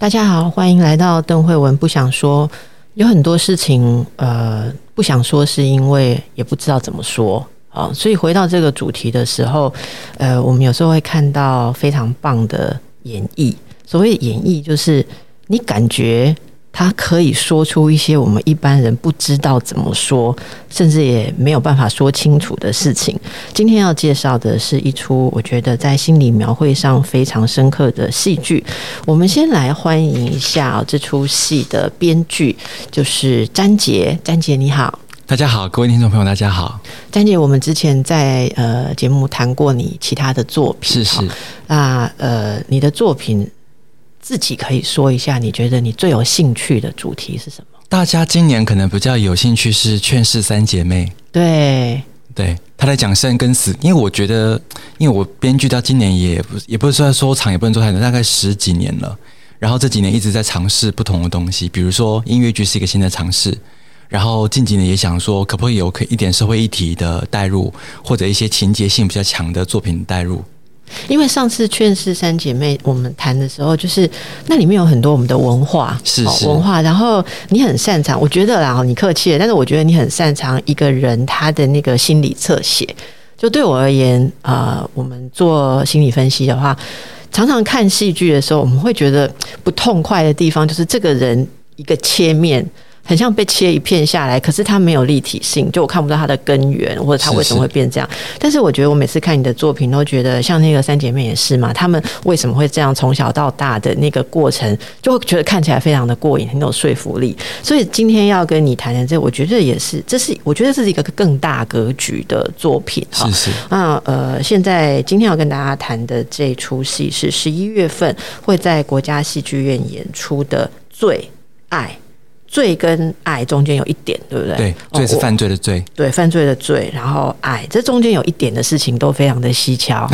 大家好，歡迎來到鄧惠文，不想說有很多事情，呃，不想說是因為也不知道怎麼說啊。所以回到這個主題的時候，呃，我們有時候會看到非常棒的演繹。所謂演繹，就是你感覺。他可以說出一些我們一般人不知道怎麼說，甚至也沒有辦法說清楚的事情。今天要介紹的是一出我覺得在心理描繪上非常深刻的戲劇。我們先來歡迎一下這出戲的編劇，就是詹杰。詹杰，你好。大家好，各位聽眾朋友，大家好。詹杰，我們之前在呃節目談過你其他的作品，是是。那呃，你的作品。自己可以說一下，你覺得你最有興趣的主題是什麼？大家今年可能比較有興趣是《勸世三姐妹》。對，對，他在講生跟死，因為我覺得，因為我編劇到今年也，也不，也不是說說長，也不能說太長，大概十幾年了。然後這幾年一直在嘗試不同的東西，比如說音樂劇是一個新的嘗試。然後近幾年也想說，可不可以有可以一點社會議題的帶入，或者一些情節性比較強的作品的帶入。因為上次《勸世三姐妹》我們談的時候，就是那裡面有很多我們的文化，是，是、哦、文化。然後你很擅長，我覺得啦，你客氣了。但是我覺得你很擅長一個人他的那個心理側寫。就對我而言，呃，我們做心理分析的話，常常看戲劇的時候，我們會覺得不痛快的地方，就是這個人一個切面。很像被切一片下來，可是它沒有立體性，就我看不到它的根源，或者它為什麼會變這樣。是是，但是我覺得我每次看你的作品，都覺得像那個三姐妹也是嘛，她們為什麼會這樣從小到大的那個過程，就會覺得看起來非常的過癮，很有說服力。所以今天要跟你談的這，我覺得也是，這是我覺得這是一個更大格局的作品。哈，那呃，現在今天要跟大家談的這齣戲是十一月份會在國家戲劇院演出的《罪．愛》。罪跟愛中間有一點，對不對？對，罪是犯罪的罪，哦、對，犯罪的罪，然後愛，這中間有一點的事情都非常的蹊蹺。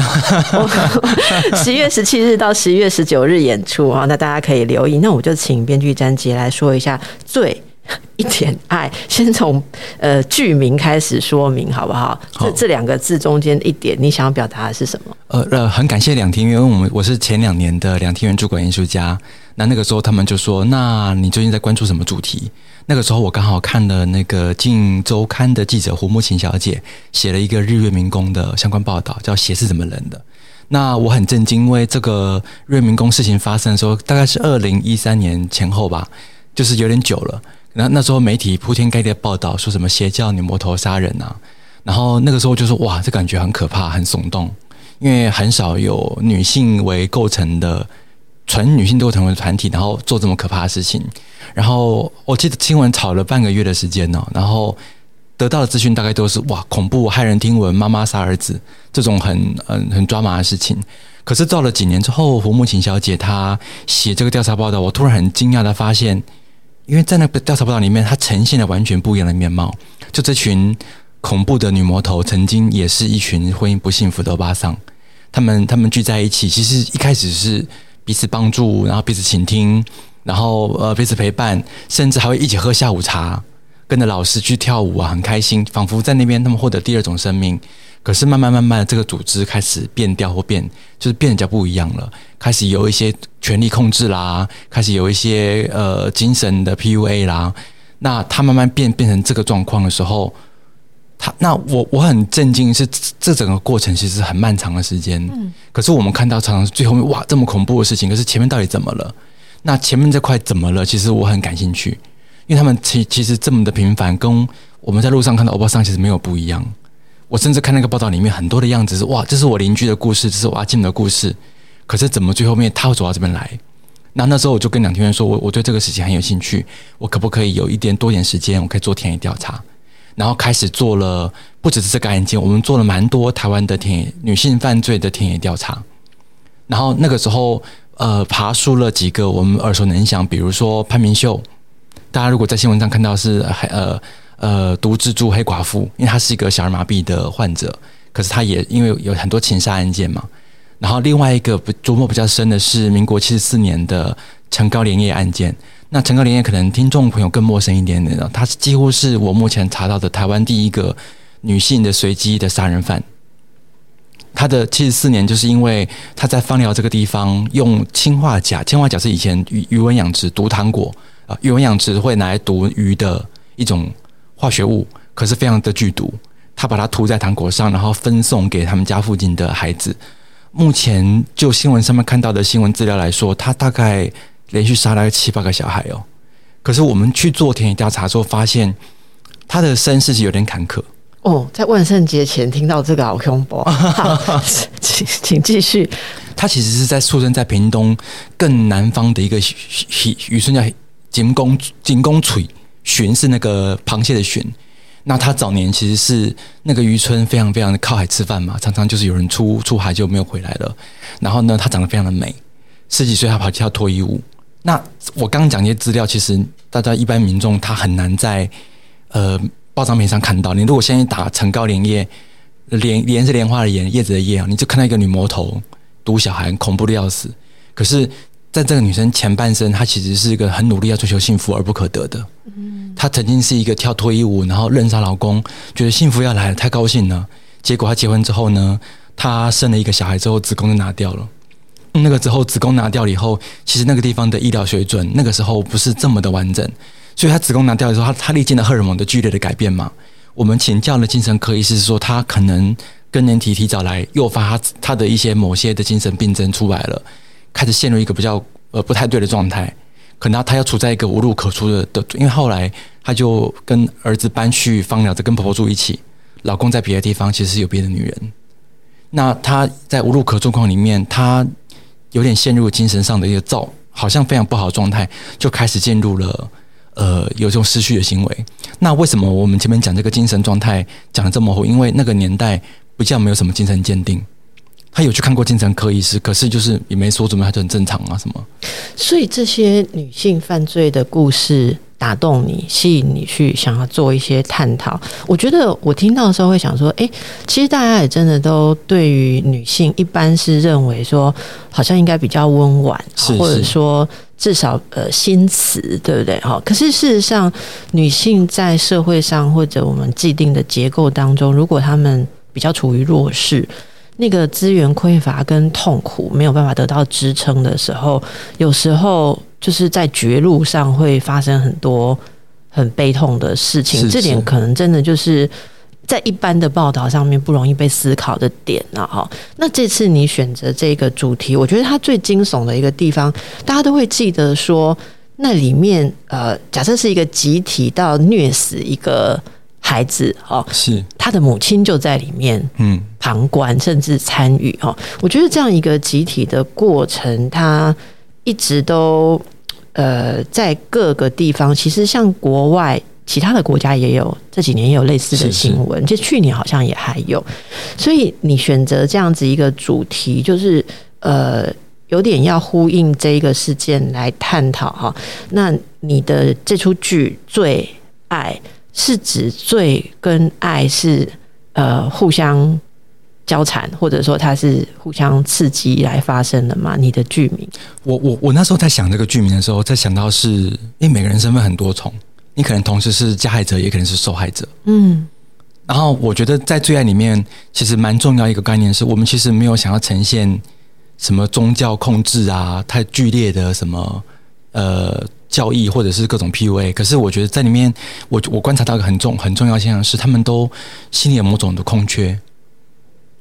十一 月十七日到十一月十九日演出啊，那大家可以留意。那我就請編劇詹杰來說一下罪。一點愛，先從呃劇名開始說明好不好？好這這兩個字中間一點，你想要表達的是什麼？呃呃，很感謝兩廳院，因為我們我是前兩年的兩廳院駐館藝術家，那那個時候他們就說，那你最近在關注什麼主題？那個時候我剛好看了那個《鏡週刊》的記者胡慕情小姐寫了一個日月明功的相關報道，叫《血是怎麼冷的》。那我很震驚，因為這個日月明功事情發生的時候，大概是二零一三年前後吧，就是有點久了。那那時候媒體鋪天蓋地的報道說什麼邪教女魔頭殺人啊，然後那個時候就說哇，這感覺很可怕，很聳動，因為很少有女性為構成的純女性構成的團體，然後做這麼可怕的事情。然後我記得新聞炒了半個月的時間呢，然後得到的資訊大概都是哇，恐怖、駭人聽聞、媽媽殺兒子這種很很、嗯、很抓馬的事情。可是到了幾年之後，胡慕情小姐她寫這個調查報道，我突然很驚訝的發現。因為在那個調查報道裡面，它呈現了完全不一樣的面貌。就這群恐怖的女魔頭，曾經也是一群婚姻不幸福的巴桑。他們他們聚在一起，其實一開始是彼此幫助，然後彼此傾聽，然後呃彼此陪伴，甚至還會一起喝下午茶，跟着老師去跳舞啊，很開心，仿佛在那邊他們獲得第二種生命。可是慢慢慢慢，這個組織開始變掉或變，就是變得比較不一樣了。開始有一些權力控制啦，開始有一些呃精神的 PUA 啦。那他慢慢變變成這個狀況的時候，他那我我很震驚，是這整個過程其實是很漫長的時間，嗯。可是我們看到常常是最後面，哇，這麼恐怖的事情。可是前面到底怎麼了？那前面這塊怎麼了？其實我很感興趣，因為他們其其實這麼的平凡，跟我們在路上看到歐巴桑其實沒有不一樣。我甚至看那個報道裡面很多的樣子是哇，這是我鄰居的故事，這是我阿金的故事。可是怎麼最後面他會走到這邊來？那那時候我就跟梁天元說，我我對這個事情很有興趣，我可不可以有一點多點時間，我可以做田野調查。然後開始做了，不只是這個案件，我們做了蠻多台灣的田野女性犯罪的田野調查。然後那個時候，呃，爬梳了幾個我們耳熟能詳，比如說潘明秀，大家如果在新聞上看到是呃。呃，毒蜘蛛黑寡婦，因為她是一個小兒麻痹的患者，可是她也因為有很多情殺案件嘛。然後另外一個著墨比較深的是民國七十四年的陳高蓮葉案件。那陳高蓮葉可能聽眾朋友更陌生一點點呢？她幾乎是我目前查到的台灣第一個女性的隨機的殺人犯。她的七十四年就是因為她在芳寮這個地方用氰化鉀，氰化鉀是以前魚魚塭養殖毒糖果啊、呃，魚塭養殖會拿來毒魚的一種。化學物，可是非常的劇毒，他把它塗在糖果上，然後分送給他們家附近的孩子。目前就新聞上面看到的新聞資料來說，他大概連續殺了七八個小孩哦。可是我們去做田野調查之後，發現他的身世是有點坎坷哦。在萬聖節前聽到這個好恐怖 請請繼續。他其實是在出生在屏東更南方的一個漁村叫景公、景公。蟳是那個螃蟹的蟳，那他早年其實是那個漁村，非常非常的靠海吃飯嘛，常常就是有人出出海就沒有回來了。然後呢，他長得非常的美，十幾歲他跑去跳脫衣舞。那我剛剛講一些資料，其實大家一般民眾他很難在呃報章媒體上看到。你如果現在打成高蓮葉，蓮蓮是蓮花的蓮，葉子的葉啊，你就看到一個女魔頭，毒小孩，恐怖的要死。可是在這個女生前半生，她其實是一個很努力要追求幸福而不可得的。她曾經是一個跳脫衣舞，然後認識她老公，覺得幸福要來了，太高興了。結果她結婚之後呢，她生了一個小孩之後，子宮就拿掉了。那個之後，子宮拿掉了以後，其實那個地方的醫療水準那個時候不是這麼的完整，所以她子宮拿掉的時候，她她歷經了荷爾蒙的劇烈的改變嘛。我們請教了精神科醫師說，說她可能更年期提早來，誘發她她的一些某些的精神病症出來了，開始陷入一個比較呃不太對的狀態，可能她，她要處在一個無路可出的的，因為後來。她就跟兒子搬去放療，跟婆婆住一起，老公在別的地方，其實是有別的女人。那她在無路可走狀況裡面，她有點陷入精神上的一個躁，好像非常不好的狀態，就開始進入了呃有這種失去的行為。那為什麼我們前面講這個精神狀態講的這麼厚？因為那個年代比較沒有什麼精神鑑定。他有去看過精神科醫師，可是就是也沒說怎麼，他就很正常啊，什麼？所以這些女性犯罪的故事打動你，吸引你去想要做一些探討。我覺得我聽到的時候會想說，誒、欸，其實大家也真的都對於女性，一般是認為說好像應該比較溫婉，是是，或者說至少呃心慈，對不對？哈。可是事實上，女性在社會上或者我們既定的結構當中，如果她們比較處於弱勢。那個資源匱乏跟痛苦沒有辦法得到支撐的時候，有時候就是在絕路上會發生很多很悲痛的事情。是是，這點可能真的就是在一般的報道上面不容易被思考的點了哈。那這次你選擇這個主題，我覺得它最驚悚的一個地方，大家都會記得說，那裡面呃，假設是一個集體到虐死一個，孩子哦，是他的母親就在裡面，嗯，旁觀甚至參與哦，我覺得這樣一個集體的過程，它一直都呃在各個地方。其實像國外其他的國家也有，這幾年也有類似的新聞，就去年好像也還有。所以你選擇這樣子一個主題，就是呃有點要呼應這一個事件來探討哈。那你的這齣劇罪．愛。是指罪跟愛是呃互相交纏，或者說它是互相刺激來發生的嗎？你的劇名，我我我那時候在想這個劇名的時候，在想到是因為每個人身份很多重，你可能同時是加害者，也可能是受害者。嗯，然後我覺得在《罪愛》裡面，其實蠻重要一個概念是我們其實沒有想要呈現什麼宗教控制啊，太劇烈的什麼呃。教義，或者是各種 PUA，可是我覺得在裡面我，我我觀察到一個很重很重要的現象是，他們都心裡有某種的空缺，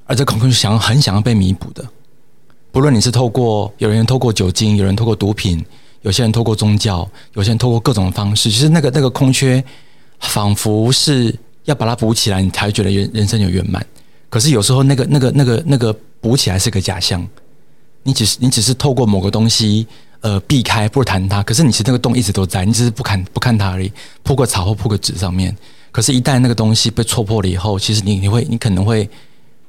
而這空缺是想要很想要被彌補的。不論你是透過有人透過酒精，有人透過毒品，有些人透過宗教，有些人透過各種方式，其實那個那個空缺，仿佛是要把它補起來，你才覺得人人生有圓滿。可是有時候，那個，那個那個那個那個補起來是個假象，你只是你只是透過某個東西。呃，避開不談它，可是你其實那個洞一直都在，你只是不看不看它而已，鋪個草或鋪個紙上面。可是，一旦那個東西被戳破了以後，其實你你會你可能會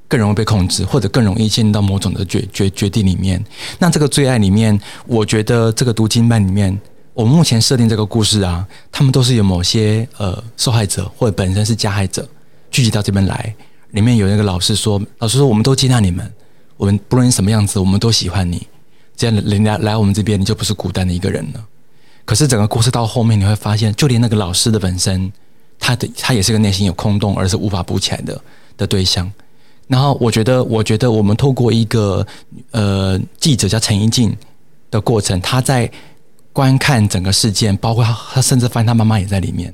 更容易被控制，或者更容易進入到某種的決決決定裡面。那這個罪愛裡面，我覺得這個讀經班裡面，我們目前設定這個故事啊，他們都是有某些呃受害者或者本身是加害者聚集到這邊來。裡面有那個老師說，老師說，我們都接納你們，我們不論什麼樣子，我們都喜歡你。這樣，人家來我們這邊，你就不是孤單的一個人了。可是，整個故事到後面，你會發現，就連那個老師的本身，他的他也是個內心有空洞，而是無法補起來的的對象。然後，我覺得，我覺得我們透過一個呃記者叫陳怡靜的過程，他在觀看整個事件，包括他，他甚至發現他媽媽也在裡面。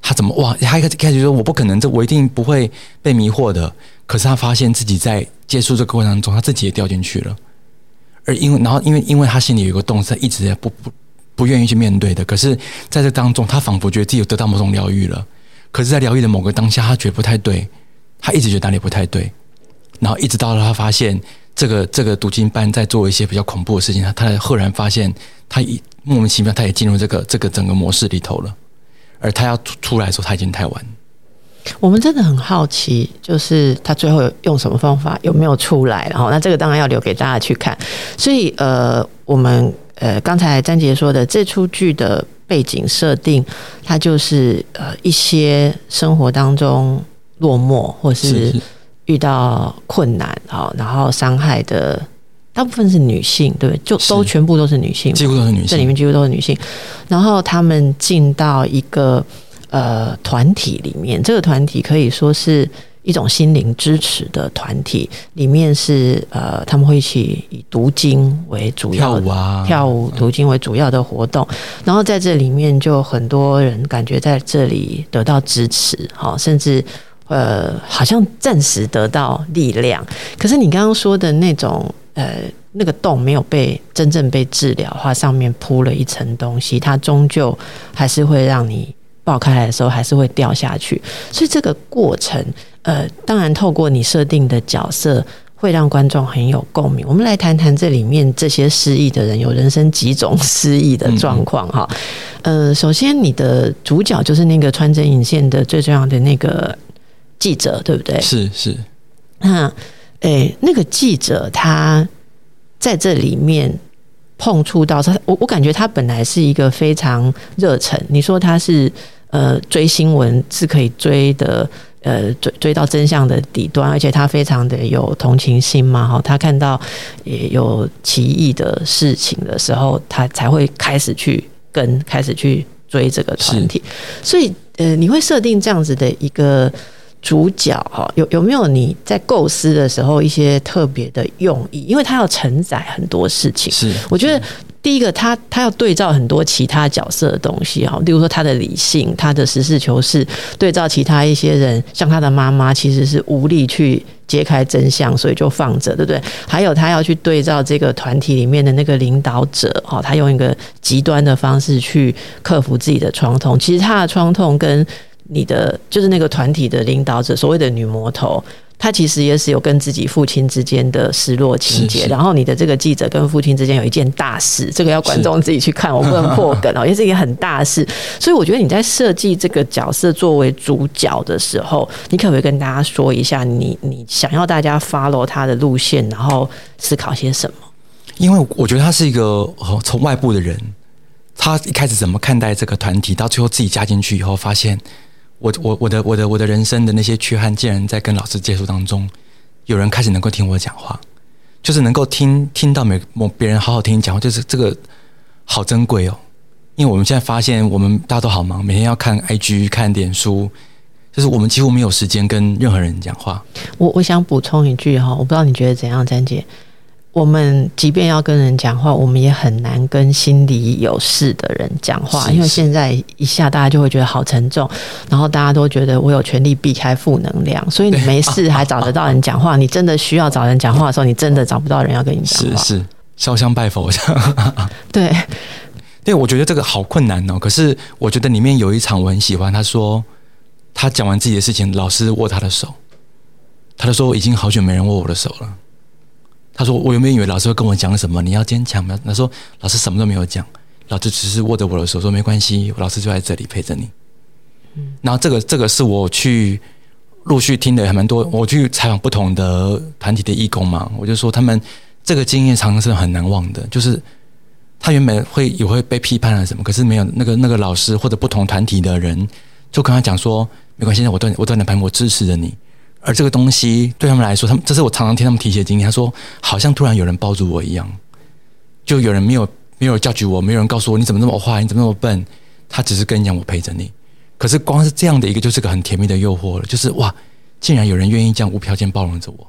他怎麼哇？他一開始說：“我不可能，這我一定不會被迷惑的。”可是他發現自己在接觸這個過程當中，他自己也掉進去了。而因為，然後因為，因為他心裡有一個洞，他一直在不不不願意去面對的。可是，在這當中，他仿佛覺得自己有得到某種療癒了。可是，在療癒的某個當下，他覺得不太對，他一直覺得哪裡不太對。然後一直到了他發現這個這個讀經班在做一些比較恐怖的事情，他他才赫然發現，他一莫名其妙，他也進入這個這個整個模式裡頭了。而他要出出來的時候，他已經太晚。我們真的很好奇，就是他最後用什麼方法有沒有出來，然後那這個當然要留給大家去看。所以呃，我們呃剛才詹傑說的這出劇的背景設定，它就是呃一些生活當中落寞或是遇到困難然後傷害的大部分是女性，對，就都全部都是女性，幾乎都是女性，這裡面幾乎都是女性。然後他們進到一個。呃，團體裡面這個團體可以說是一種心靈支持的團體，裡面是呃，他們會一起以讀經為主要的跳舞啊，跳舞讀經為主要的活動。嗯、然後在這裡面，就很多人感覺在這裡得到支持，甚至呃，好像暫時得到力量。可是你剛剛說的那種呃，那個洞沒有被真正被治療的話，上面鋪了一層東西，它終究還是會讓你。爆開來的時候還是會掉下去，所以這個過程，呃，當然透過你設定的角色會讓觀眾很有共鳴。我們來談談這裡面這些失憶的人，有人生幾種失憶的狀況哈？呃，首先你的主角就是那個穿針引線的最重要的那個記者，對不對？是是。那，誒、欸，那個記者他在這裡面碰觸到他，我我感覺他本來是一個非常熱忱，你說他是。呃，追新聞是可以追的，呃，追追到真相的底端，而且他非常的有同情心嘛，哈，他看到也有奇異的事情的時候，他才會開始去跟，開始去追這個團體，所以，呃，你會設定這樣子的一個。主角哈，有有沒有你在構思的時候一些特別的用意？因為他要承載很多事情是。是，我覺得第一個，他他要對照很多其他角色的東西哈，例如說他的理性，他的實事求是，對照其他一些人，像他的媽媽其實是無力去揭開真相，所以就放着，對不對？還有他要去對照這個團體裡面的那個領導者哈，他用一個極端的方式去克服自己的創痛。其實他的創痛跟。你的就是那個團體的領導者，所謂的女魔頭，她其實也是有跟自己父親之間的失落情結。是是，然後，你的這個記者跟父親之間有一件大事，是是，這個要觀眾自己去看。我不能破梗哦，因 為是一個很大事。所以，我覺得你在設計這個角色作為主角的時候，你可不可以跟大家說一下你、你你想要大家 follow 他的路線，然後思考些什麼？因為我覺得他是一個從外部的人，他一開始怎麼看待這個團體，到最後自己加進去以後，發現。我我我的我的我的人生的那些缺憾，竟然在跟老師接觸當中，有人開始能夠聽我講話，就是能夠聽聽到每別人好好聽你講話，就是這個好珍貴哦。因為我們現在發現，我們大家都好忙，每天要看 IG、看臉書，就是我們幾乎沒有時間跟任何人講話。我我我想補充一句哈，我不知道你覺得怎樣，詹傑。我們即便要跟人講話，我們也很難跟心裡有事的人講話，因為現在一下大家就會覺得好沉重，然後大家都覺得我有權利避開負能量，所以你沒事還找得到人講話，啊，你真的需要找人講話的時候，啊，你真的找不到人要跟你講話，是是燒香拜佛一下。對，啊，對，因為我覺得這個好困難哦。可是我覺得裡面有一場我很喜歡，他說他講完自己的事情，老師握他的手，他就說我已經好久沒人握我的手了。他說：“我原本以為老師會跟我講什麼，你要堅強。”他說：“老師什麼都沒有講，老師只是握着我的手說：‘沒關係，我老師就在這裡陪着你。’”嗯，然後這個這個是我去陸續聽的很蠻多，我去採訪不同的團體的義工嘛，我就說他們這個經驗常常是很難忘的，就是他原本會也會被批判了什麼，可是沒有那個那個老師或者不同團體的人就跟他講說：“沒關係，我斷我斷了盤，我支持着你。”而這個東西對他們來說，他們這是我常常聽他們提起的經驗。他說：“好像突然有人抱住我一樣，就有人沒有沒有教育我，沒有人告訴我你怎麼那麼壞，你怎麼那麼笨。他只是跟你講，我陪着你。可是光是這樣的一個，就是個很甜蜜的誘惑了。就是哇，竟然有人願意這樣無條件包容着我。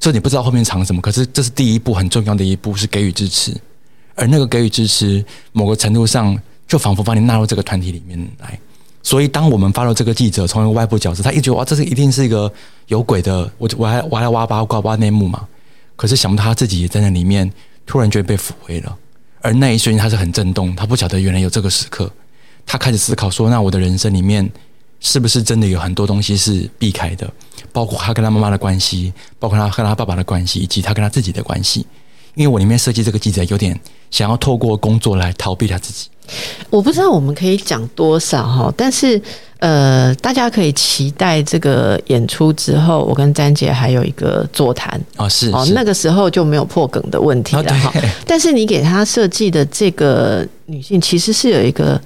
所以你不知道後面藏什麼，可是這是第一步很重要的一步，是給予支持。而那個給予支持，某個程度上就仿佛把你納入這個團體裡面來。”所以，當我們發了這個記者從一個外部角色，他一覺得，哇，這是一定是一個有鬼的，我我還我要挖八卦挖內幕嘛？可是想不到他自己也在那裡面，突然覺得被撫慰了。而那一瞬間，他是很震動，他不曉得原來有這個時刻。他開始思考說：那我的人生裡面是不是真的有很多東西是避開的？包括他跟他媽媽的關係，包括他跟他爸爸的關係，以及他跟他自己的關係。因為我裡面設計這個記者，有點想要透過工作來逃避他自己。我不知道我們可以講多少哈，但是呃，大家可以期待這個演出之後，我跟詹傑還有一個座談哦，是,是哦，那個時候就沒有破梗的問題了哈、哦。但是你給他設計的這個女性其實是有一個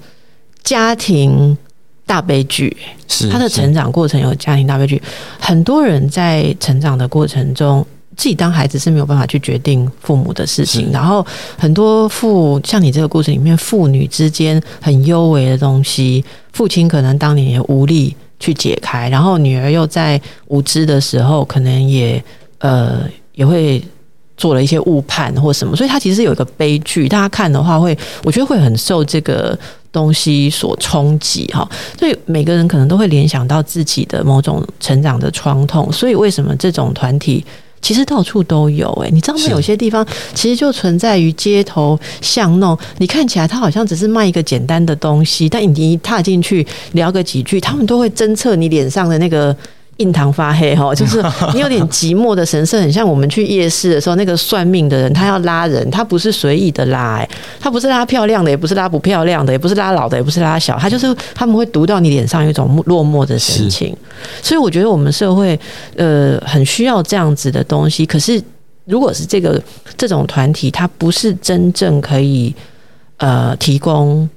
家庭大悲劇，是,是她的成長過程有家庭大悲劇，很多人在成長的過程中。自己當孩子是沒有辦法去決定父母的事情，然後很多父，像你這個故事裡面父女之間很幽微的東西，父親可能當年也無力去解開，然後女兒又在無知的時候，可能也呃也會做了一些誤判或什麼，所以他其實有一個悲劇。大家看的話會，會我覺得會很受這個東西所衝擊哈。所以每個人可能都會聯想到自己的某種成長的創痛，所以為什麼這種團體？其實到處都有哎、欸，你知道嗎？有些地方其實就存在於街頭巷弄。你看起來它好像只是賣一個簡單的東西，但你一踏進去聊個幾句，他們都會偵測你臉上的那個。印堂發黑哈，就是你有點寂寞的神色，很像我們去夜市的時候，那個算命的人他要拉人，他不是隨意的拉，欸，他不是拉漂亮的，也不是拉不漂亮的，也不是拉老的，也不是拉小，他就是他們會讀到你臉上有一種落寞的神情，所以我覺得我們社會呃很需要這樣子的東西，可是如果是這個這種團體，它不是真正可以呃提供。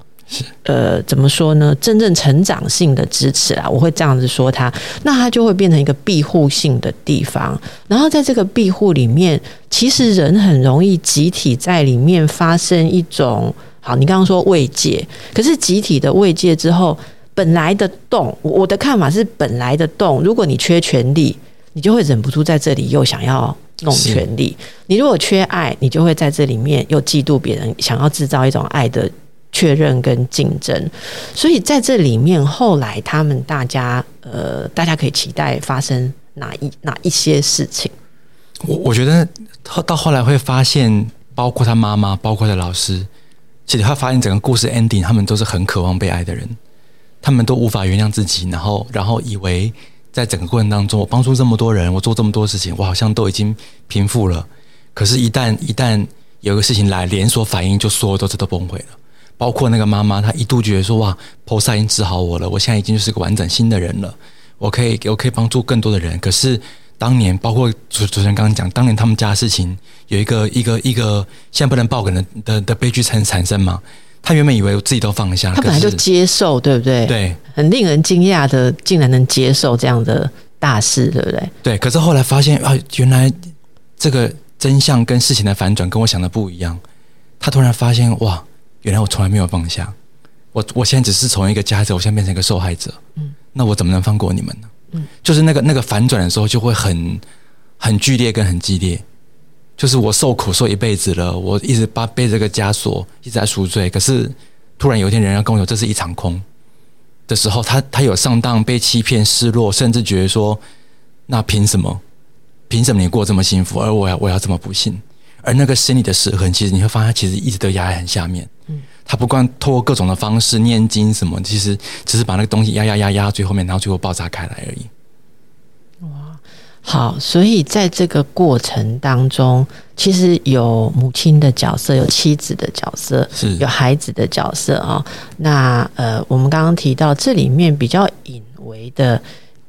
呃，怎麼說呢？真正成長性的支持啦，我會這樣子說它。那它就會變成一個庇護性的地方。然後在這個庇護裡面，其實人很容易集體在裡面發生一種，好，你剛剛說慰藉，可是集體的慰藉之後，本來的洞，我我的看法是本來的洞。如果你缺權力，你就會忍不住在這裡又想要弄權力；你如果缺愛，你就會在這裡面又嫉妒別人，想要製造一種愛的。確認跟競爭，所以在這裡面，後來他們大家呃，大家可以期待發生哪一哪一些事情。我我覺得到後來會發現，包括他媽媽，包括他老師，其實他發現整個故事 ending，他們都是很渴望被愛的人，他們都無法原諒自己，然後然後以為在整個過程當中，我幫助這麼多人，我做這麼多事情，我好像都已經平復了。可是，一旦一旦有個事情來，連鎖反應，就說都是都崩潰了。包括那個媽媽，她一度覺得說：“哇，菩薩已經治好我了，我現在已經就是個完整新的人了，我可以，我可以幫助更多的人。”可是當年，包括主主持人剛剛講，當年他們家的事情，有一個一個一個，現在不能報梗的的，的悲劇產產生嘛？她原本以為我自己都放下，他本來就接受，對不對？對，很令人驚訝的，竟然能接受這樣的大事，對不對？對。可是後來發現啊，原來這個真相跟事情的反轉跟我想的不一樣。她突然發現，哇！原來我從來沒有放下，我我現在只是從一個加者，我現在變成一個受害者。嗯，那我怎麼能放過你們呢？嗯，就是那個那個反轉的時候，就會很很劇烈跟很激烈。就是我受苦受一輩子了，我一直把背這個枷鎖，一直在贖罪。可是突然有一天，人家跟我說這是一場空的時候，他他有上當、被欺騙、失落，甚至覺得說，那憑什麼？憑什麼你過這麼幸福，而我要我要這麼不幸？而那個心裡的傷痕，其實你會發現，其實一直都壓在很下面。嗯，他不管透過各種的方式念經什麼，其實只是把那個東西壓壓壓壓到最後面，然後最後爆炸開來而已。哇，好，所以在這個過程當中，其實有母親的角色，有妻子的角色，是有孩子的角色啊、哦。那呃，我們剛剛提到這裡面比較隱微的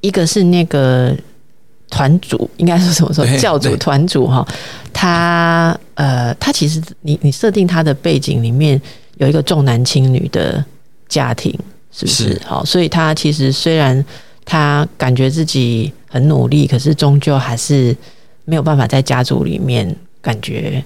一個是那個。團主應該是怎麼說教主團主哈，他呃，他其實你你設定他的背景裡面有一個重男輕女的家庭，是不是？好，所以他其實雖然他感覺自己很努力，可是終究還是沒有辦法在家族裡面感覺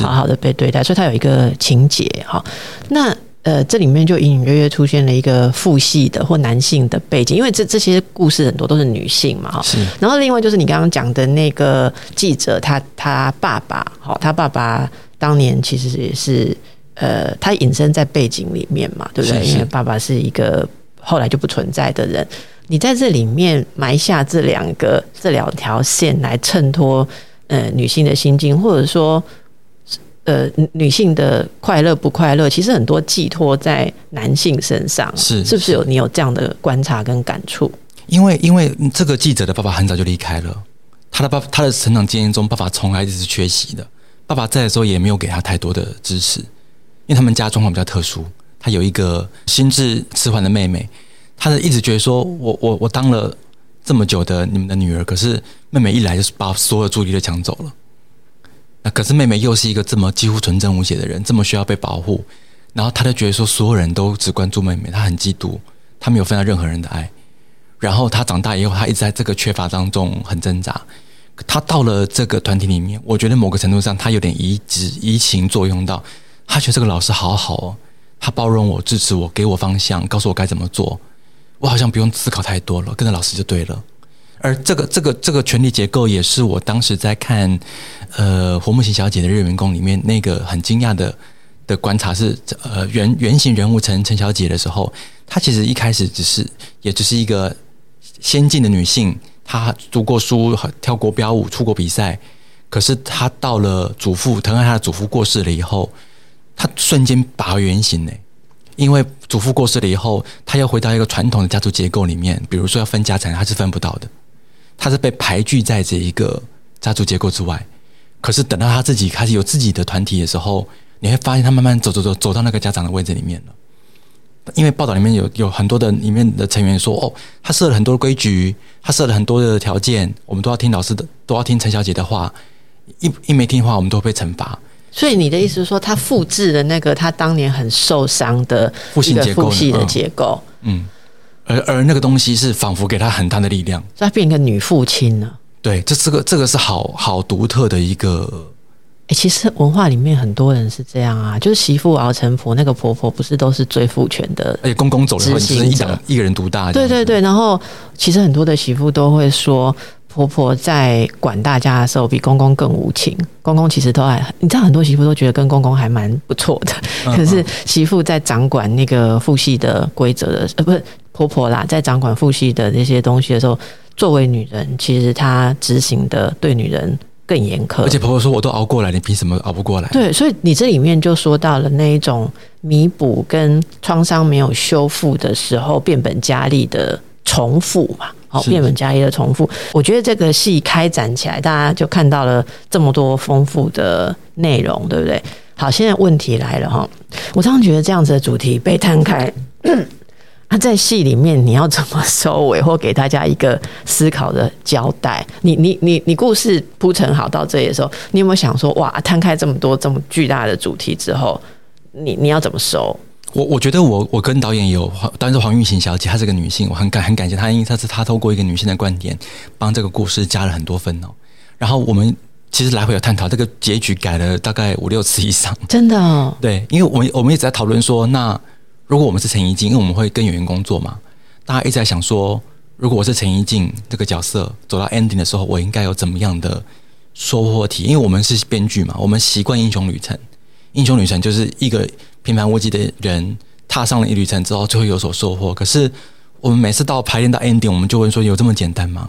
好好的被對待，所以他有一個情結哈。那呃，這裡面就隱隱約約出現了一個父系的或男性的背景，因為這這些故事很多都是女性嘛哈。是。然後另外就是你剛剛講的那個記者，他他爸爸，哈，他爸爸當年其實也是，呃，他隱身在背景裡面嘛，對不對？是是。因為爸爸是一個後來就不存在的人，你在這裡面埋下這兩個這兩條線來襯托，呃，女性的心境，或者說。呃，女性的快樂不快樂，其實很多寄託在男性身上，是是，是不是有你有這樣的觀察跟感觸？因為，因為這個記者的爸爸很早就離開了，他的爸、爸他的成長經驗中，爸爸從來一直是缺席的。爸爸在的時候也沒有給他太多的支持，因為他們家狀況比較特殊。他有一個心智遲緩的妹妹，他的一直覺得說，嗯、我我我當了這麼久的你們的女兒，可是妹妹一來就把所有注意力都搶走了。可是妹妹又是一個這麼幾乎純真無邪的人，這麼需要被保護，然後他就覺得說，所有人都只關注妹妹，他很嫉妒，他沒有分到任何人的愛。然後他長大以後，他一直在這個缺乏當中很掙扎。他到了這個團體裡面，我覺得某個程度上，他有點移植移情作用到，他覺得這個老師好好哦，他包容我、支持我、給我方向，告訴我該怎麼做，我好像不用思考太多了，跟着老師就對了。而這個這個這個權力結構也是我當時在看呃《活木行小姐》的日員工裡面那個很驚訝的的觀察是，呃原原型人物陳陳小姐的時候，她其實一開始只是也只是一個先進的女性，她讀過書，跳過標舞，出過比賽。可是她到了祖父疼愛她的祖父過世了以後，她瞬間打回原形嘞，因為祖父過世了以後，她要回到一個傳統的家族結構裡面，比如說要分家產，她是分不到的。他是被排拒在這一個家族結構之外，可是等到他自己開始有自己的團體的時候，你會發現他慢慢走走走走到那個家長的位置裡面了。因為報道裡面有有很多的裡面的成員說：“哦，他設了很多的規矩，他設了很多的條件，我們都要聽老師的，都要聽陳小姐的話，一一沒聽話，我們都會被懲罰。”所以你的意思是說，他複製了那個他當年很受傷的父系結構、父系的結構？嗯。嗯而而那個東西是仿佛給他很大的力量，所以他變一個女父親了。對，這這個這個是好好獨特的一個。哎、欸，其實文化裡面很多人是這樣啊，就是媳婦熬成婆，那個婆婆不是都是最父權的、欸，公公走了之後只剩一個人獨大。對對對，然後其實很多的媳婦都會說。婆婆在管大家的時候，比公公更無情。公公其實都還，你知道，很多媳婦都覺得跟公公還蠻不錯的。可是媳婦在掌管那個父系的規則的，呃，不是婆婆啦，在掌管父系的那些東西的時候，作為女人，其實她執行的對女人更嚴苛。而且婆婆說，我都熬過來，你憑什麼熬不過來？對，所以你這裡面就說到了那一種彌補跟創傷沒有修復的時候，變本加厲的重複嘛。變本加厲的重複，我覺得這個戲開展起來，大家就看到了這麼多豐富的內容，對不對？好，現在問題來了哈，我常常覺得這樣子的主題被攤開，那、嗯 啊、在戲裡面你要怎麼收尾，或給大家一個思考的交代？你你你你故事鋪陳好到這裡的時候，你有沒有想說，哇，攤開這麼多這麼巨大的主題之後，你你要怎麼收？我我覺得我我跟導演也有，當時是黃郁晴小姐，她是個女性，我很感很感謝她因，因為她是她透過一個女性的觀點，幫這個故事加了很多分哦。然後我們其實來回有探討，這個結局改了大概五六次以上，真的哦。對，因為我們我們一直在討論說，那如果我們是陳怡靜，因為我們會跟演員工作嘛，大家一直在想說，如果我是陳怡靜這個角色走到 ending 的時候，我應該有怎麼樣的說獲題？因為我們是編劇嘛，我們習慣英雄旅程，英雄旅程就是一個。平凡無奇的人踏上了一旅程之後，就會有所收穫。可是我們每次到排練到 ending，我們就會說：“有這麼簡單嗎？”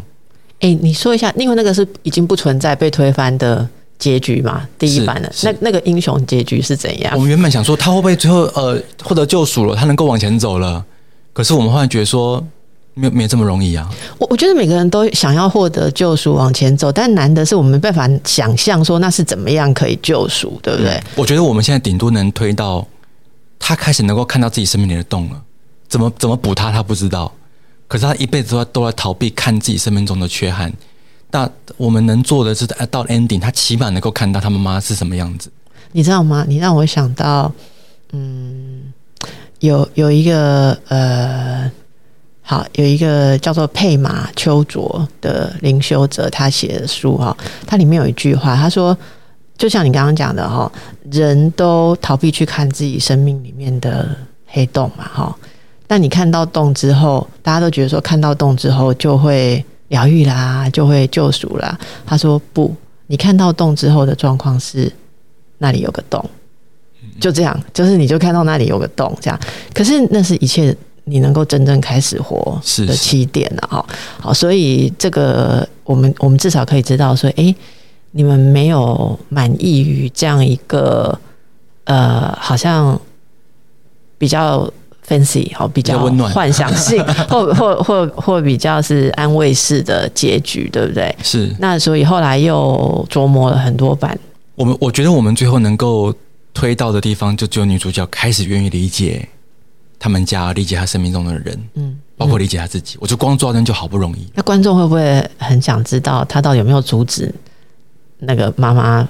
哎、欸，你說一下，因為那個是已經不存在被推翻的結局嘛，第一版的那那個英雄結局是怎樣？我們原本想說，他會不會最後呃獲得救贖了，他能夠往前走了。可是我們後來覺得說，沒沒這麼容易啊！我我覺得每個人都想要獲得救贖往前走，但難的是我們沒辦法想象說那是怎麼樣可以救贖，對不對、嗯？我覺得我們現在頂多能推到。他開始能夠看到自己生命裡的洞了，怎麼怎麼補他，他不知道。可是他一輩子都都在逃避看自己生命中的缺憾。那我們能做的是到 ending，他起碼能夠看到他媽媽是什麼樣子。你知道嗎？你讓我想到，嗯，有有一個呃，好有一個叫做佩瑪·丘卓的靈修者，他寫的書哈，他裡面有一句話，他說。就像你剛剛講的哈，人都逃避去看自己生命裡面的黑洞嘛哈。但你看到洞之後，大家都覺得說，看到洞之後就會療癒啦，就會救贖啦。他說不，你看到洞之後的狀況是那裡有個洞，就這樣，就是你就看到那裡有個洞這樣。可是那是一切你能夠真正開始活的起點了哈。是是，好，所以這個我們我們至少可以知道說，誒、欸。你們沒有滿意於這樣一個，呃，好像比較 fancy，好比較溫暖、幻想性， 或或或或比較是安慰式的結局，對不對？是。那所以後來又琢磨了很多版。我們我覺得我們最後能夠推到的地方，就只有女主角開始願意理解他們家，理解她生命中的人，嗯，嗯，包括理解她自己。我就光抓人就好不容易。那觀眾會不會很想知道他到底有沒有阻止？那個媽媽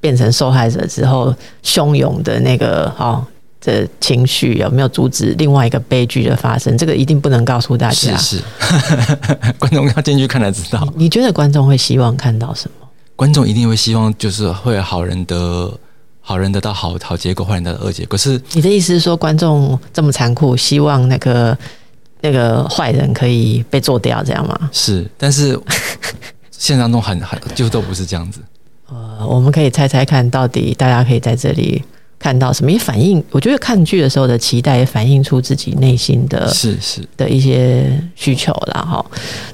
變成受害者之後，洶湧的那個哦的情緒，有沒有阻止另外一個悲劇的發生？這個一定不能告訴大家。是是，呵呵觀眾要進去看才知道你。你覺得觀眾會希望看到什麼？觀眾一定會希望，就是會有好人得好人得到好好結果，壞人得到惡結。可是你的意思是說，觀眾這麼殘酷，希望那個那個壞人可以被做掉，這樣嗎、嗯？是，但是。 現場都很很就都不是這樣子。呃，我們可以猜猜看到底大家可以在這裡看到什麼？也反映我覺得看劇的時候的期待，也反映出自己內心的是是的一些需求了哈。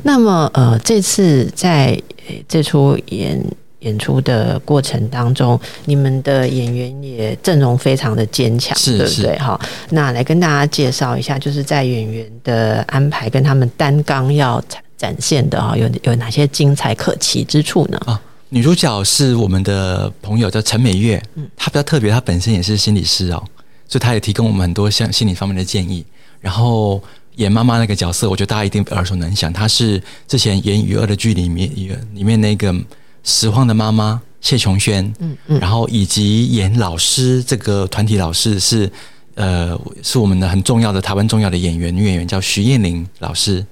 那麼呃，這次在、欸、這出演演出的過程當中，你們的演員也陣容非常的堅強，是，是對不對？哈，那來跟大家介紹一下，就是在演員的安排跟他們單綱要，展現的啊，有有哪些精彩可期之處呢？啊，女主角是我們的朋友叫陳美月，嗯，她比較特別，她本身也是心理師哦，所以她也提供我們很多像心理方面的建議。然後演媽媽那個角色，我覺得大家一定耳熟能詳，她是之前演《雨兒》的劇裡面，一個，裡面那個拾荒的媽媽謝瓊煖，嗯嗯，然後以及演老師這個團體老師是，呃，是我們的很重要的台灣重要的演員女演員叫徐堰鈴老師。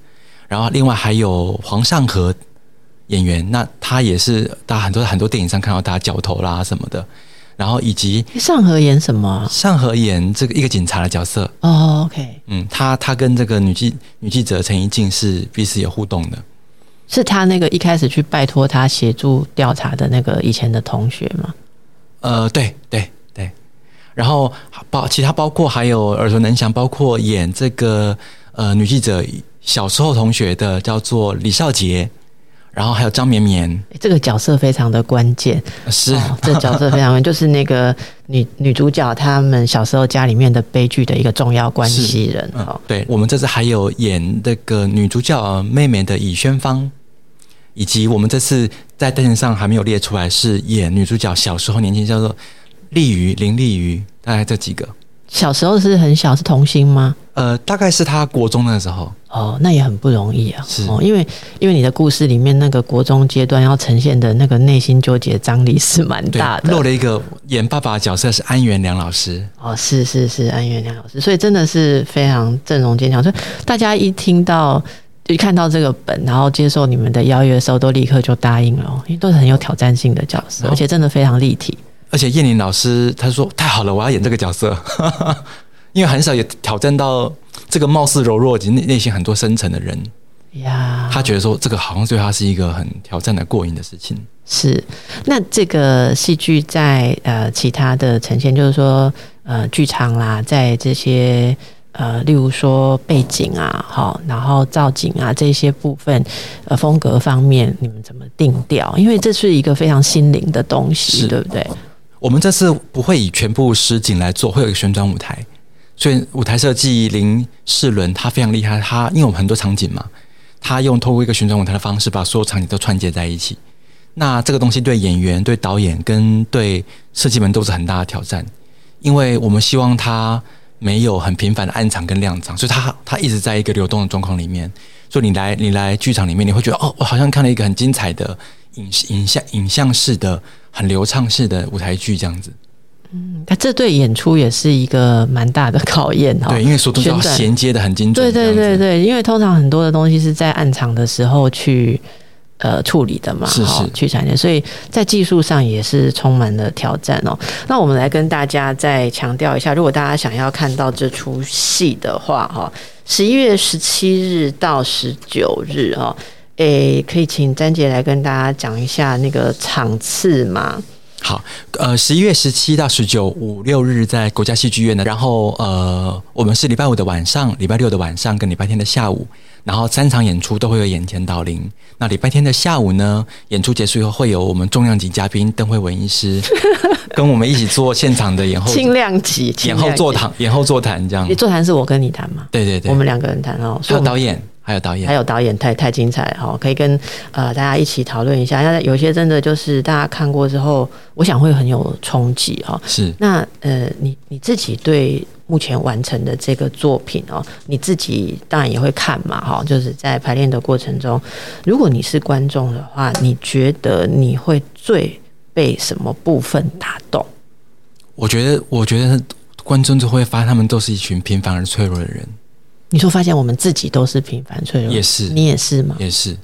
然後，另外還有黃尚禾演員，那他也是大家很多很多電影上看到他角頭啦什麼的。然後，以及尚禾演什麼？尚禾演這個一個警察的角色。哦，OK，嗯，他他跟這個女記女記者陳怡靜是彼此有互動的。是他那個一開始去拜托他協助調查的那個以前的同學嗎？呃，對對對。然後包其他包括還有耳熟能詳，包括演這個呃女記者。小時候同學的叫做李少杰，然後還有張綿綿，這個角色非常的關鍵，是、啊哦、這個、角色非常關鍵，就是那個女 女主角她們小時候家裡面的悲劇的一個重要關係人哦、嗯。對我們這次還有演那個女主角妹妹的李宣芳，以及我們這次在電影上還沒有列出來，是演女主角小時候年輕叫做麗魚林麗魚，大概這幾個小時候是很小，是童星嗎？呃，大概是她國中的時候。哦，那也很不容易啊！是，哦、因為因為你的故事裡面那個國中階段要呈現的那個內心糾結張力是蠻大的。落了一個演爸爸的角色是安原良老師哦？是是是安原良老師，所以真的是非常陣容堅強。所以大家一聽到一看到這個本，然後接受你們的邀約的時候，都立刻就答應了，因為都是很有挑戰性的角色，而且真的非常立體。哦、而且堰鈴老師他說太好了，我要演這個角色。 因為很少有挑戰到這個貌似柔弱及內內心很多深層的人，呀、yeah.，他覺得說這個好像對他是一個很挑戰的過癮的事情。是，那這個戲劇在其呃其他的呈現，就是說呃劇場啦，在這些呃例如說背景啊，好，然後造景啊這些部分呃風格方面，你們怎麼定調？因為這是一個非常心靈的東西，對不對？我們這次不會以全部實景來做，會有一個旋轉舞台。所以舞台設計林世倫他非常厲害，他因為我們很多場景嘛，他用透過一個旋轉舞台的方式把所有場景都串接在一起。那這個東西對演員、對導演跟對設計們都是很大的挑戰，因為我們希望他沒有很頻繁的暗場跟亮場，所以他他一直在一個流動的狀況裡面。所以你來你來劇場裡面，你會覺得哦，我好像看了一個很精彩的影影像影像式的很流暢式的舞台劇這樣子。嗯，它這對演出也是一個蠻大的考驗哈。對，因為說東西要銜接的很精準。對，對對對對，因為通常很多的東西是在暗場的時候去呃處理的嘛，是是去彩排，所以在技術上也是充滿了挑戰哦。那我們來跟大家再強調一下，如果大家想要看到這出戲的話哈，十一月十七日到十九日哈，誒，可以請詹傑來跟大家講一下那個場次嗎？好，呃，十一月十七到十九五六日，日在國家戲劇院呢。然後，呃，我們是禮拜五的晚上、禮拜六的晚上跟禮拜天的下午，然後三場演出都會有演前導聆。那禮拜天的下午呢，演出結束以後會有我們重量級嘉賓鄧惠文醫師 跟我們一起做現場的演後輕 量級演後座談、演後座談這樣。你座談是我跟你談嗎？對對對，我們兩個人談哦。還有導演。還有導演，還有導演，太太精彩哈！可以跟呃大家一起討論一下。那有些真的就是大家看過之後，我想會很有衝擊哈。是。那呃，你你自己對目前完成的這個作品哦，你自己當然也會看嘛哈。就是在排練的過程中，如果你是觀眾的話，你覺得你會最被什麼部分打動？我覺得，我覺得觀眾就會發現，他們都是一群平凡而脆弱的人。你就發現我們自己都是平凡脆弱，也是你也是嗎？也是，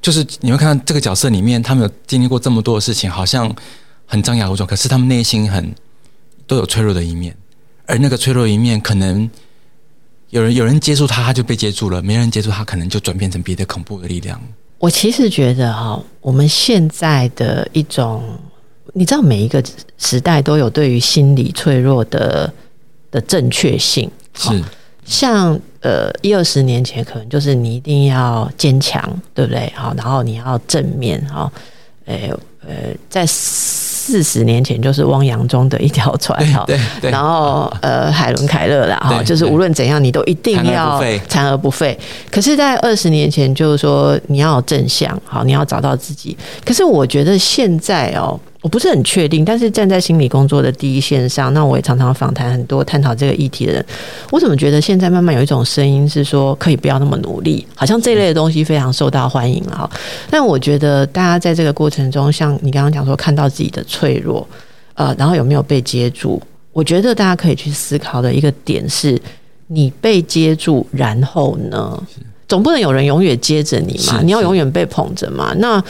就是你會看到這個角色裡面，他們有經歷過這麼多的事情，好像很張牙舞爪，可是他們內心很都有脆弱的一面，而那個脆弱的一面，可能有人有人接觸他，他就被接住了，沒人接觸他，他可能就轉變成別的恐怖的力量。我其實覺得哈，我們現在的一種，你知道，每一個時代都有對於心理脆弱的的正確性，是像。呃，一二十年前可能就是你一定要堅強，對不對？好，然後你要正面，好，哎，呃，在四十年前就是汪洋中的一條船，哈，對，然後、哦、呃，海倫凱勒啦哈，就是無論怎樣你都一定要殘而不廢。可是，在二十年前就是說你要有正向，好，你要找到自己。可是我覺得現在哦。我不是很確定，但是站在心理工作的第一線上，那我也常常訪談很多探討這個議題的人。我怎麼覺得現在慢慢有一種聲音是說，可以不要那麼努力，好像這類的東西非常受到歡迎了。但我覺得大家在這個過程中，像你剛剛講說，看到自己的脆弱，呃，然後有沒有被接住？我覺得大家可以去思考的一個點是，你被接住，然後呢，總不能有人永遠接着你嘛，是是，你要永遠被捧着嘛？那？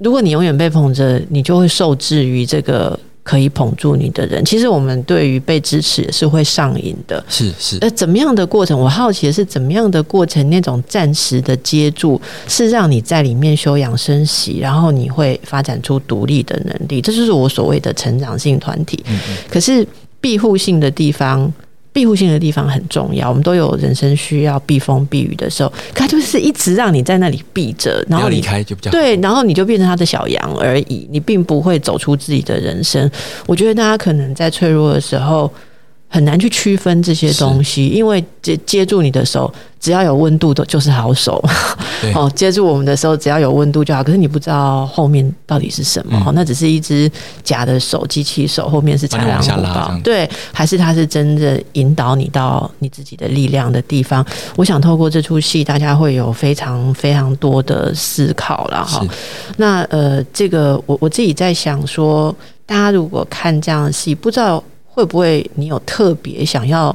如果你永遠被捧着，你就會受制於這個可以捧住你的人。其實我們對於被支持也是會上癮的，是是。那怎麼樣的過程？我好奇的是怎麼樣的過程？那種暫時的接住是讓你在裡面休養生息，然後你會發展出獨立的能力。這就是我所謂的成長性團體。嗯嗯。可是庇護性的地方。庇護性的地方很重要，我們都有人生需要避風避雨的時候，可他就是一直讓你在那裡避着然後你離開就比較對，然後你就變成他的小羊而已，你並不會走出自己的人生。我覺得大家可能在脆弱的時候。很難去區分這些東西，因為接接住你的手，只要有溫度的，就是好手。哦， 接住我們的時候，只要有溫度就好。可是你不知道後面到底是什麼，嗯、那只是一只假的手，機器手，後面是太陽鼓，對，還是它是真的引導你到你自己的力量的地方？嗯、我想透過這出戲，大家會有非常非常多的思考了哈。那呃，這個我我自己在想說，大家如果看這樣的戲，不知道。會不會你有特別想要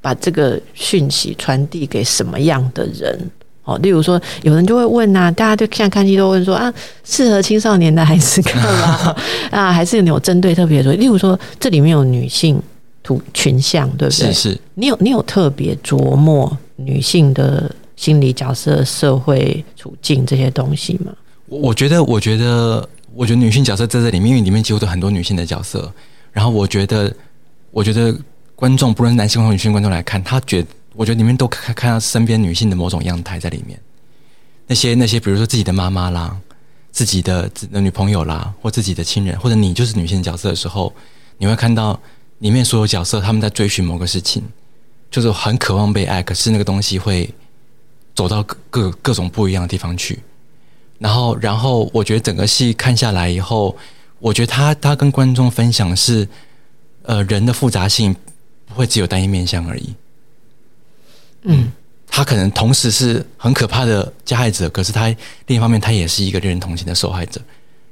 把這個訊息傳遞給什麼樣的人？哦，例如說，有人就會問啊，大家就現在看戲都會說啊，適合青少年的孩子看嗎？ 啊，還是你有有針對特別說，例如說，這裡面有女性圖群像，對不對？是是你，你有你有特別琢磨女性的心理角色、社會處境這些東西嗎？我我覺得，我覺得，我覺得女性角色在這裡面，因為裡面幾乎都很多女性的角色，然後我覺得。我覺得觀眾，不論是男性觀眾、女性觀眾來看，他覺得，我覺得裡面都看看到身邊女性的某種樣態在裡面。那些那些，比如說自己的媽媽啦，自己的，的女朋友啦，或自己的親人，或者你就是女性角色的時候，你會看到裡面所有角色他們在追尋某個事情，就是很渴望被愛，可是那個東西會走到各各各種不一樣的地方去。然後，然後，我覺得整個戲看下來以後，我覺得他他跟觀眾分享的是。呃，人的複雜性不會只有單一面向而已嗯。嗯，他可能同時是很可怕的加害者，可是他另一方面，他也是一個令人同情的受害者。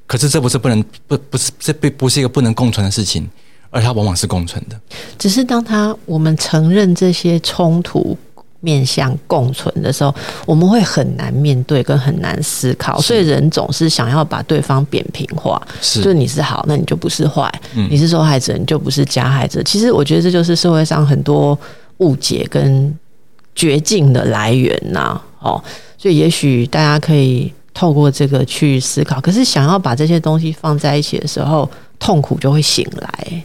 可是這不是不能，不不是，這並不是一個不能共存的事情，而它往往是共存的。只是當他，我們承認這些衝突。面向共存的時候，我們會很難面對跟很難思考，所以人總是想要把對方扁平化，是就你是好，那你就不是壞、嗯，你是受害者，你就不是加害者。其實我覺得這就是社會上很多誤解跟絕境的來源吶、啊。哦，所以也許大家可以透過這個去思考。可是想要把這些東西放在一起的時候，痛苦就會醒來。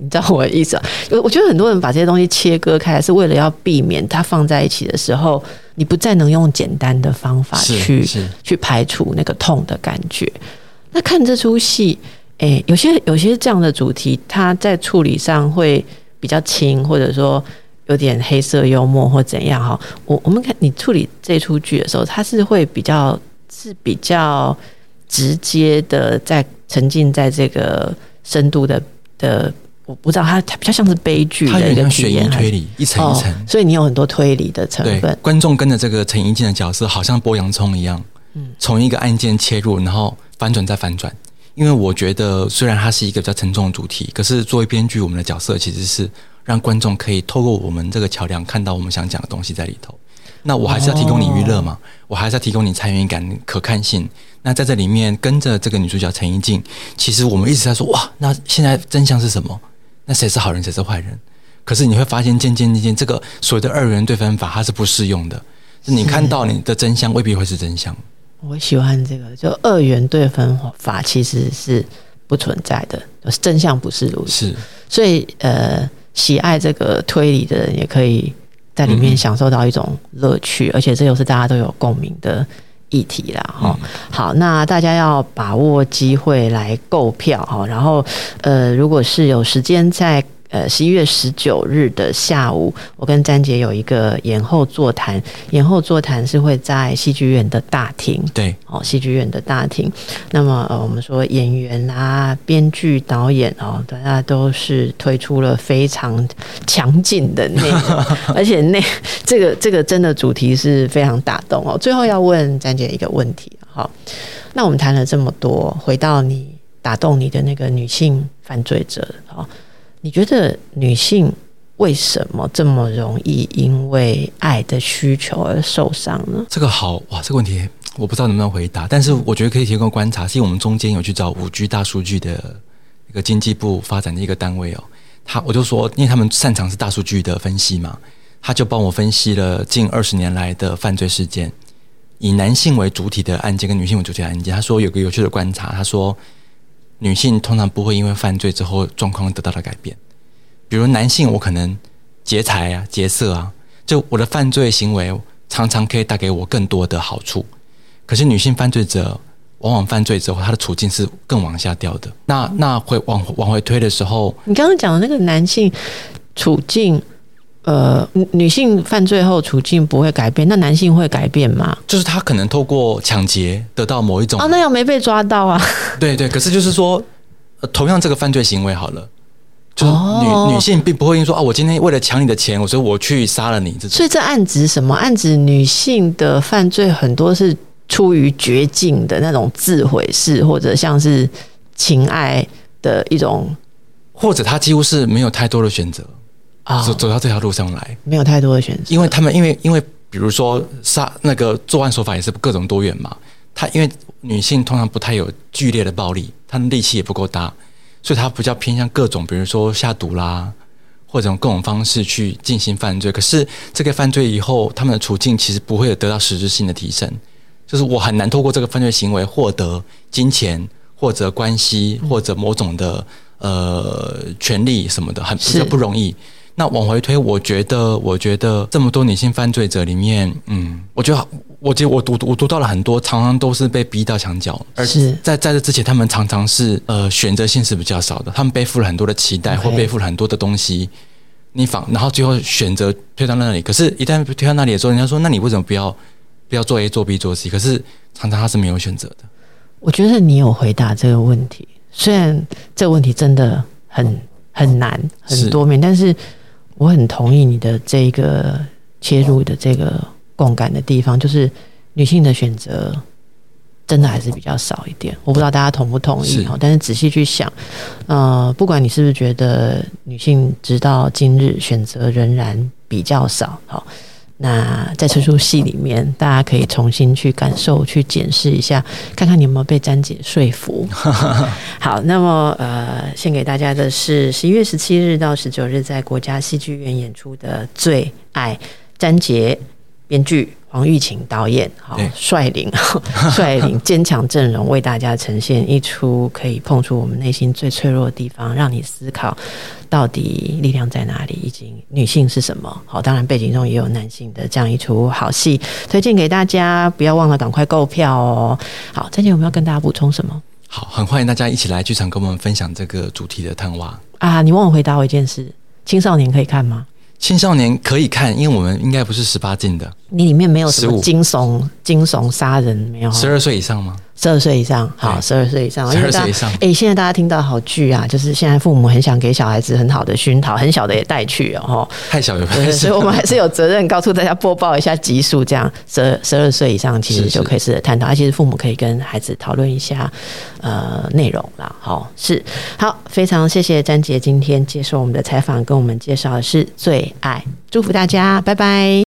你知道我的意思啊？我我覺得很多人把這些東西切割開來，是為了要避免它放在一起的時候，你不再能用簡單的方法去去排除那個痛的感覺。那看這齣戲，誒、欸，有些有些這樣的主題，它在處理上會比較輕，或者說有點黑色幽默或怎樣哈。我我們看你處理這齣劇的時候，它是會比較是比較直接的，在沉浸在這個深度的的。我不知道它它比較像是悲劇，它有點像懸疑推理，一層一層。哦，所以你有很多推理的成分。對，觀眾跟着這個陳英靜的角色，好像剝洋蔥一樣，嗯，從一個案件切入，然後反轉再反轉。因為我覺得，雖然它是一個比較沉重的主題，可是作為編劇，我們的角色其實是讓觀眾可以透過我們這個橋梁，看到我們想講的東西在裡頭。那我還是要提供你娛樂嘛。哦，我還是要提供你參與感、可看性。那在這裡面跟着這個女主角陳英靜，其實我們一直在說哇，那現在真相是什麼？那誰是好人，誰是壞人？可是你會發現，漸漸漸間，這個所謂的二元對分法它是不適用的。是你看到你的真相，未必會是真相。我喜歡這個，就二元對分法其實是不存在的，就是真相不是如此。是，所以呃，喜愛這個推理的人也可以在裡面享受到一種樂趣，嗯嗯，而且這又是大家都有共鳴的，議題了，哈，好，那大家要把握機會來購票哈，然後，呃，如果是有時間在。呃，十一月十九日的下午，我跟詹傑有一個延後座談。演後座談是會在戲劇院的大廳，對，哦，戲劇院的大廳。那麼，呃，我們說演員啊、編劇、導演哦，大家都是推出了非常強勁的那個，而且那個、這個這個真的主題是非常打動哦。最後要問詹傑一個問題，好，那我們談了這麼多，回到你打動你的那個女性犯罪者，好你覺得女性為什麼這麼容易因為愛的需求而受傷呢？這個好哇，這個問題我不知道能不能回答，但是我覺得可以提供觀察。是因為我們中間有去找五 G 大數據的一個經濟部發展的一個單位哦，他我就說，因為他們擅長是大數據的分析嘛，他就幫我分析了近二十年來的犯罪事件，以男性為主體的案件跟女性為主體的案件，他說有個有趣的觀察，他說。女性通常不會因為犯罪之後狀況得到了改變，比如男性，我可能劫財啊、劫色啊，就我的犯罪行為常常可以帶給我更多的好處。可是女性犯罪者往往犯罪之後，她的處境是更往下掉的。那那會往，往回推的時候，你剛剛講的那個男性處境。呃，女女性犯罪後處境不會改變，那男性會改變嗎？就是他可能透過搶劫得到某一種啊、哦，那又沒被抓到啊。對對，可是就是說，呃、同樣這個犯罪行為好了，就是、女、哦、女性並不會因為說啊，我今天為了搶你的錢，我說我去殺了你。所以這案子什麼案子？女性的犯罪很多是出於絕境的那種自毀式，或者像是情愛的一種，或者她幾乎是沒有太多的選擇。走走到這條路上來，哦，沒有太多的選擇。因為他們，因為因為，比如說殺那個作案手法也是各種多元嘛。他因為女性通常不太有劇烈的暴力，她的力氣也不夠大，所以她比較偏向各種，比如說下毒啦，或者用各種方式去進行犯罪。可是這個犯罪以後，他們的處境其實不會有得到實質性的提升。就是我很難透過這個犯罪行為獲得金錢，或者關係，或者某種的呃權利什麼的，很比較不容易。那往回推，我覺得，我覺得這麼多女性犯罪者裡面，嗯，我覺得，我覺得我讀我讀到了很多，常常都是被逼到牆角是，而在在這之前，他們常常是呃選擇性是比較少的，他們背負了很多的期待或背負了很多的東西，okay、你仿，然後最後選擇推到那裡，可是一旦推到那裡的時候，人家說，那你為什麼不要不要做 A 做 B 做 C？可是常常他是沒有選擇的。我覺得你有回答這個問題，雖然這個問題真的很很難、oh, 很多面，但是。我很同意你的這一個切入的這個共感的地方，就是女性的選擇真的還是比較少一點。我不知道大家同不同意哈，但是仔細去想，呃，不管你是不是覺得女性直到今日選擇仍然比較少，那在這出戲裡面，大家可以重新去感受、去檢視一下，看看你有沒有被詹姐說服。 好，那麼呃，獻給大家的是十一月十七日到十九日在國家戲劇院演出的《罪愛》，詹杰編劇。王玉琴導演好，率領率領堅強陣容，為大家呈現一出可以碰觸我們內心最脆弱的地方，讓你思考到底力量在哪裡，以及女性是什麼。好，當然背景中也有男性的這樣一出好戲，推薦給大家，不要忘了趕快購票哦。好，再見。我們要跟大家補充什麼？好，很歡迎大家一起來劇場跟我們分享這個主題的探挖。啊，你忘了回答我一件事：青少年可以看嗎？青少年可以看，因為我們應該不是十八禁的。你裡面沒有什麼驚悚、驚悚殺人，沒有。十二歲以上嗎？十二歲以上，好，十二歲以上，因為，哎、欸，現在大家聽到好劇啊，就是現在父母很想給小孩子很好的熏陶，很小的也帶去哦，太小了，所以我們還是有責任告訴大家，播報一下集數，這樣十十二歲以上其實就可以試著探討，而且、啊、父母可以跟孩子討論一下呃內容啦。好，是，好，非常謝謝詹傑今天接受我們的採訪，跟我們介紹的是罪‧愛，祝福大家，拜拜。